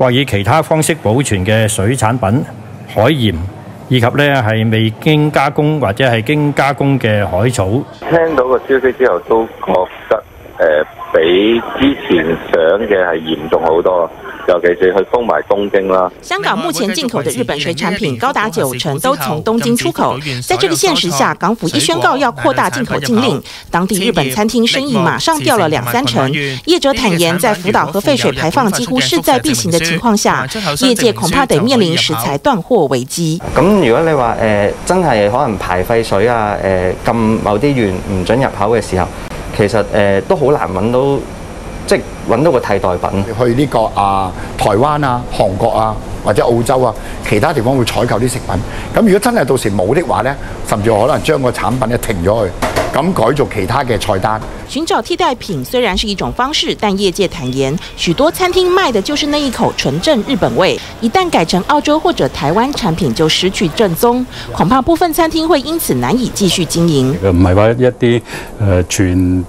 或以其他方式保存嘅水產品、海鹽，以及呢係未經加工或者係經加工嘅海草，聽到個消息之後都覺得，呃，比之前想嘅係嚴重好多。尤其是去封埋東京啦。香港目前進口的日本水產品，高達九成都從東京出口。在這個現實下，港府一宣告要擴大進口禁令，當地日本餐廳生意馬上掉了兩三成。業者坦言，在福島核廢水排放幾乎勢在必行的情況下，業界恐怕得面臨食材斷貨危機。咁如果你話、呃、真係可能排廢水啊誒、呃、禁某啲源唔准入口嘅時候，其實、呃、都好難揾到即。揾到個替代品去呢個啊，台灣啊，韓國啊，或者澳洲啊其他地方會採購啲食品。咁如果真係到時冇的話咧，甚至可能將個產品咧停咗去，咁改做其他嘅菜單。尋找替代品雖然是一種方式，但業界坦言，許多餐廳賣的就是那一口純正日本味。一旦改成澳洲或者台灣產品，就失去正宗，恐怕部分餐廳會因此難以繼續經營，唔係話一啲，呃、全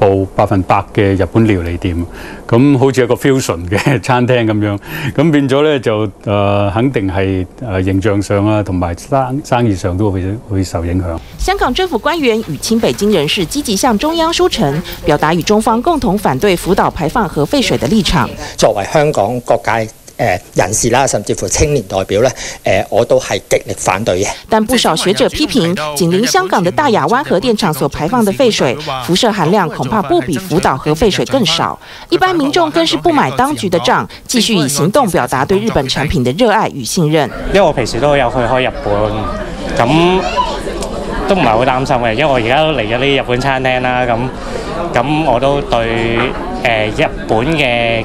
部百分百嘅日本料理店。.咁好似有個 fusion 嘅餐廳咁樣，咁變咗咧就誒、呃，肯定係誒、呃、形象上啊，同埋生生意上都會會受影響。香港政府官員與親北京人士積極向中央書陳，表達與中方共同反對福島排放核廢水嘅立場。作為香港各界。誒、呃、人士啦，甚至乎青年代表咧，誒、呃、我都係極力反對嘅。但不少學者批評，緊鄰香港的大亞灣核電廠所排放的廢水，輻射含量恐怕不比福島核廢水更少。一般民眾更是不買當局的賬，繼續以行動表達對日本產品的熱愛與信任。因為我平時都有去開日本，咁都唔係好擔心嘅，因為我而家都嚟咗呢日本餐廳啦，咁咁我都對誒、呃、日本嘅。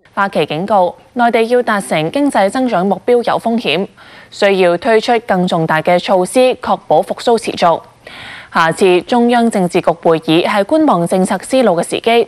花旗警告，內地要達成經濟增長目標有風險，需要推出更重大嘅措施，確保復甦持續。下次中央政治局會議係觀望政策思路嘅時機。